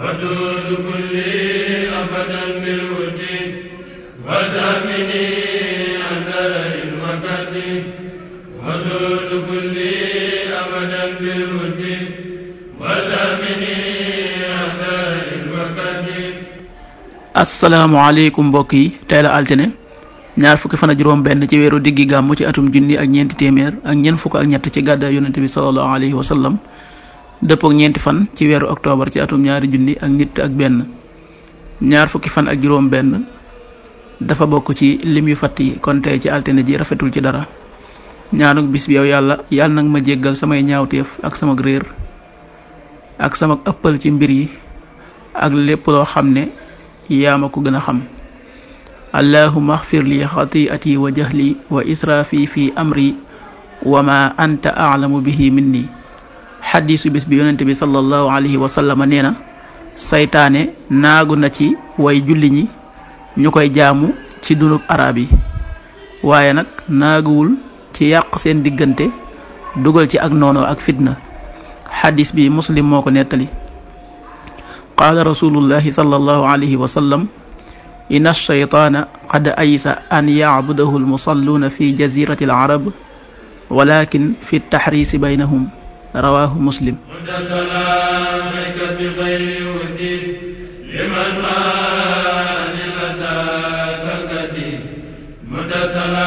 ودود كلي أبدا بالود ودامني أدر وكد ودود كلي أبدا بالود ودامني أدر وكد asalaamaaleykum mbokk yi tey la altine ñaar fukki fan benn ci weeru diggi gàmmu ci atum junni ak ñeenti téeméer ak ñeent fukk ak ñett ci gàddaay yonente bi sallallahu alayhi wa dëppook ñeenti fan ci weeru octobre ci atum ñaari junni ak nit ak benn ñaar fukki fan ak juróom benn dafa bokk ci lim yu fatt yi kon tey ci altine ji rafetul ci dara ñaanuk bis bi yàlla yàlla nag ma jéggal samay ñaawteef ak sama réer ak sama ëppal ci mbir yi ak lépp loo xam ne yaa ma ko gën a xam allahuma axfir li xatiati wa jahli wa israafi fi amri wa ma anta aalamu bihi minni xaddiisu bis bi yonente bi sallallahu alayhi wa sallama nee na saytaane naagu na ci way julli ñi ñu koy jaamu ci dunub arab waaye nag naaguwul ci yàq seen diggante dugal ci ak noonoo ak fitna xaddiis bi muslim moo ko nettali qaala rasulullahi sallallahu alayhi wa sallam shaytaana qad aysa an yacbudahu almusalluuna fi jazirati al arab fi taxriisi baynahum rawaahu muslim liman